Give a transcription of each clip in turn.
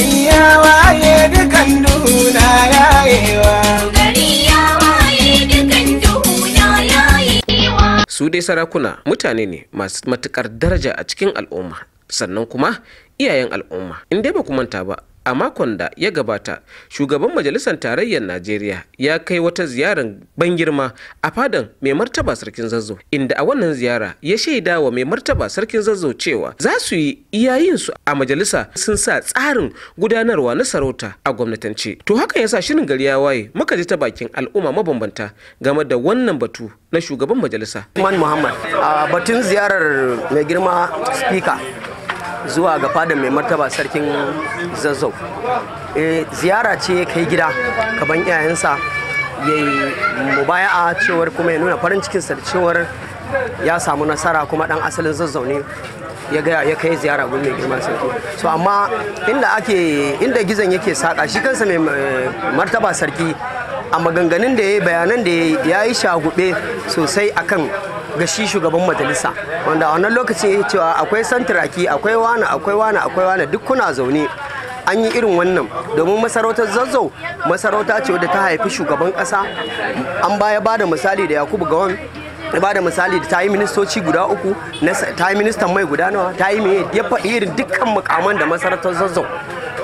ya waye dukan duna yayewa su dai sarakuna mutane ne masu matukar daraja a cikin al'umma sannan kuma iyayen al'umma in dai ba ku manta ba a makon da ya gabata shugaban majalisar tarayyar najeriya ya kai wata ziyarar ban girma a fadan mai martaba sarkin zazzo inda a wannan ziyara ya shaida wa mai martaba sarkin zazzo cewa za su yi iyayensu a majalisa sun sa tsarin gudanarwa na sarauta a gwamnatance to hakan sa shirin gari ya waye muka ji ta bakin al'umma mabambanta game da wannan batu na shugaban majalisa. Muhammad, batun ziyarar mai girma speaker zuwa ga fadar mai martaba sarkin zazzau eh, ziyara ce kai gida kaban iyayensa ya yi a cewar kuma ya nuna farin cikinsa da cewar ya samu nasara kuma dan asalin zazzau ne ya gaya ya kai ziyara gun mai girman sarki so amma inda ake inda gizon yake saka shi kansa mai martaba sarki a maganganun da ya yi bayanan da ya yi shagube sosai akan ga shi shugaban majalisa wanda a wannan lokacin ya cewa akwai santiraki, akwai wana akwai wana akwai wana duk kuna zaune an yi irin wannan domin masarautar zazzau masarauta ce wadda ta haifi shugaban kasa an baya ba da misali da yakubu gawan ba da misali da ta yi ministoci guda uku ta yi ministan mai guda nawa ta yi mai ya irin dukkan mukaman da masarautar zazzau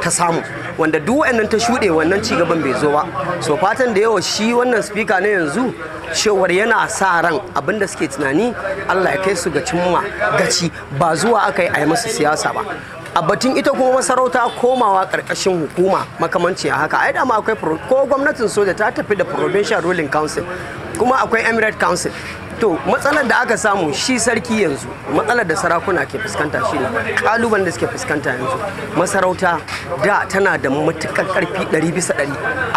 ta samu wanda duk wa'annan ta shuɗe wannan cigaban bai zo ba so fatan da yawa shi wannan spika na yanzu cewar yana sa ran abinda suke tunani allah ya kai su ga cimma gaci ba zuwa aka yi a yi siyasa ba a batun ita kuma masarauta komawa karkashin hukuma makamanci a haka ai dama akwai ko gwamnatin soja ta tafi da provincial ruling council kuma akwai emirate council to matsalar da aka samu shi sarki yanzu matsalar da sarakuna ke fuskanta shi ne kalubalen da suke fuskanta yanzu masarauta da tana da matukar karfi 100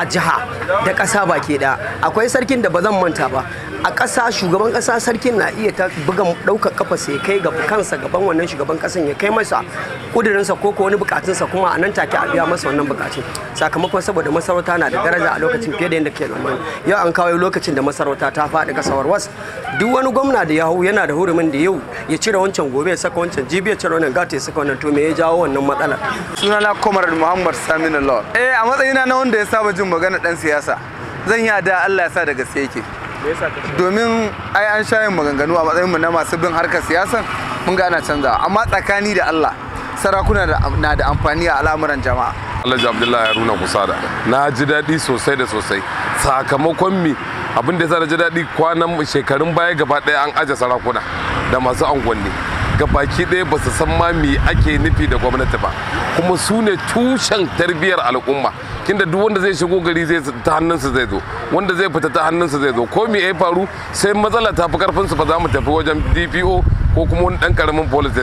a jiha da ƙasa baki da akwai sarkin da ba zan manta ba a ƙasa shugaban kasa sarkin na iya ta buga ɗaukar kafa sai kai ga kansa gaban wannan shugaban kasan ya kai masa sa ko ko wani sa kuma a nan take a biya masa wannan bukatun sakamakon saboda masarauta na da daraja a lokacin fiye da yanda ke tsammani yau an kawo lokacin da masarauta ta faɗi kasawar warwas duk wani gwamna da ya hau yana da hurumin da yau ya cire wancan gobe ya saka wancan jibi ya cire wannan gata ya saka wannan to me ya jawo wannan matsalar sunana Komar muhammad saminu law eh a matsayina na wanda ya saba jin magana dan siyasa zan yi da allah ya sa da gaske yake domin ai an sha yin maganganu a matsayinmu na masu bin harkar siyasa mun ga ana canzawa amma tsakani da allah sarakuna na da amfani a al'amuran jama'a alhaji abdullahi haruna kusada na ji daɗi sosai da sosai sakamakon mi abin da ya sa da ji daɗi kwanan shekarun baya gaba ɗaya an aje sarakuna da masu ga baki ɗaya ba su san ma me ake nufi da gwamnati ba kuma su ne tushen tarbiyyar al'umma kinda duk wanda zai shigo gari zai ta hannunsu zai zo wanda zai fita ta hannunsu zai zo ko me ya faru sai matsala ta fi karfinsu ba za mu tafi wajen dpo ko kuma wani dan karamin police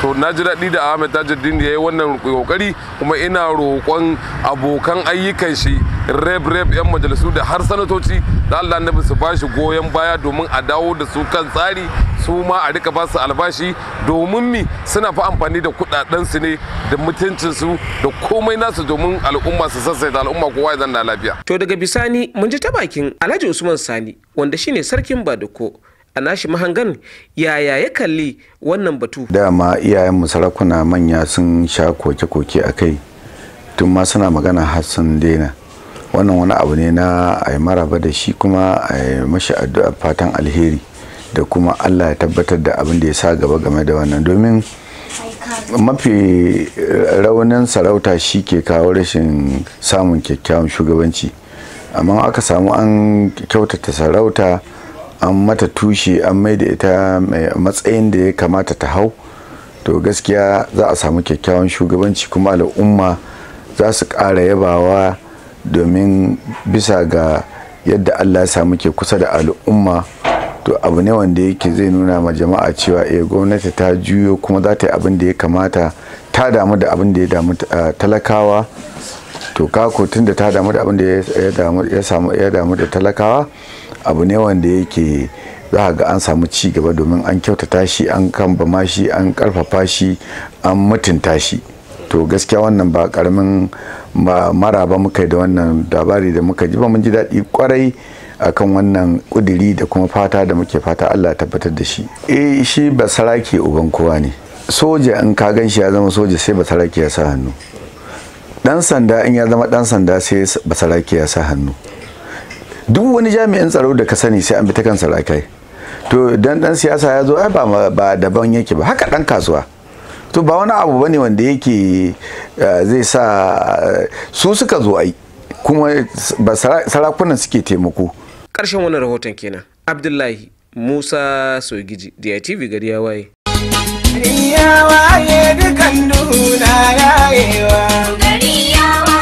to na ji daɗi da Ahmed Tajuddin ya yi wannan kokari kuma ina roƙon abokan ayyukan shi rep rep yan majalisu da har sanatoci da Allah na su ba shi goyon baya domin a dawo da su kan tsari su ma a rika ba su albashi domin mi suna fa amfani da kudaden su ne da mutuncin su da komai nasu domin al'umma su sassaita al'umma kowa ya zanna lafiya to daga bisani mun ji ta bakin Alhaji Usman Sani wanda shine sarkin Badako a nashi mahangan yaya ya kalli wannan batu dama iyayen sarakuna manya sun sha koke-koke a kai tun ma suna magana har sun daina wannan wani abu ne na a yi maraba da shi kuma a yi mashi addu'a fatan alheri da kuma allah ya tabbatar da abin da ya sa gaba game da wannan domin mafi raunin sarauta shi ke kawo rashin samun kyakkyawan shugabanci amma aka samu an kyautata sarauta an mata tushe an mai da ita matsayin da ya kamata ta hau to gaskiya za a samu kyakkyawan shugabanci kuma al'umma za su ƙara yabawa domin bisa ga yadda allah ya samu ke kusa da al'umma to abu ne wanda yake zai nuna ma jama'a cewa eh gwamnati ta juyo kuma za ta yi abin da ya kamata ta damu da abin da ya damu eh, talakawa to kako da ta damu da abin da ya damu da talakawa abu ne wanda yake za a ga an samu ci gaba domin an kyautata shi an kambama shi an karfafa shi an mutunta shi to gaskiya wannan ba karamin mara ba muka da wannan labari da muka ji ba mun ji daɗi kwarai akan wannan kudiri da kuma fata da muke fata Allah tabbatar da shi eh shi ba sarake uban kowa ne soja in ka gan shi ya zama soja sai ba sarake ya sa hannu dan sanda in ya zama dan sanda sai ba sarake ya sa hannu duk wani jami'in tsaro da ka sani sai an bi ta kan sarakai to dan dan siyasa ya zo ai ba ba daban yake ba haka dan kasuwa to ba wani abu bane wanda yake eh, zai sa eh, su suka zo ai kuma sarakunan suke taimako karshen wannan rahoton kenan abdullahi musa sogiji DITV gari ya waye gari ya waye dukan duna yayewa gari ya waye